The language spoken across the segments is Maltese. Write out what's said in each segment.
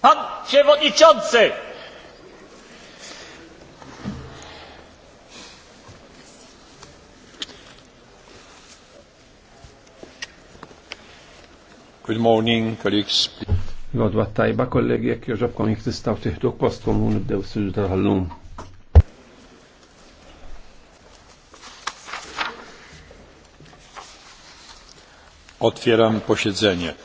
Pan Przewodniczący! Good morning, colleagues. Jodwa tajba, kollegi, jek joġobkom jek tistaw tiħdu postkom un nibdew s-sġu tal-ħallum. Otwieram posiedzenie.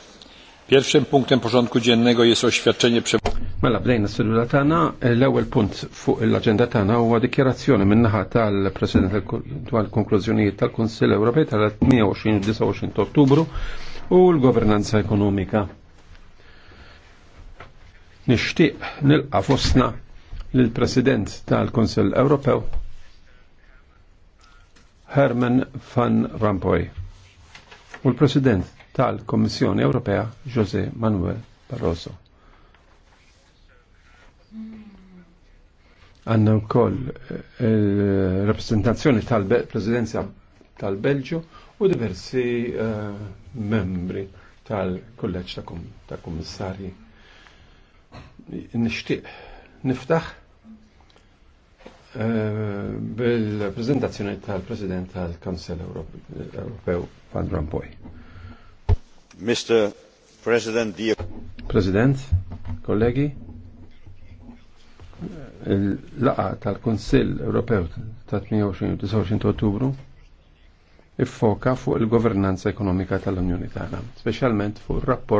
Pierwszym punktem porządku dziennego jest oświadczenie przewodniczącego. Mela bdejna s-sillula tagħna, l-ewwel punt fuq l agenda tagħna huwa dikjerazzjoni min-naħa tal-President dwar konklużjonijiet tal-Kunsill Ewropej tal-28-29 Ottubru u l-governanza ekonomika. Nixtieq nilqa' fostna lill-President tal konsil Ewropew Herman van Rompuy u l-President tal-Kommissjoni Ewropea José Manuel Barroso. Għanna wkoll eh, rappresentazzjoni tal-Presidenza tal-Belġu u diversi eh, membri tal-Kolleġġ ta' Kommissarji. Nishtiq niftaħ eh, bil-prezentazzjoni tal-President tal-Kansel Ewropew Van Rompuy. Mr. President, dear... President, kollegi, il-laqa tal-Konsil Ewropew ta' 28 ottubru iffoka fuq il-governanza ekonomika tal-Unjoni tagħna, speċjalment fuq ir-rapport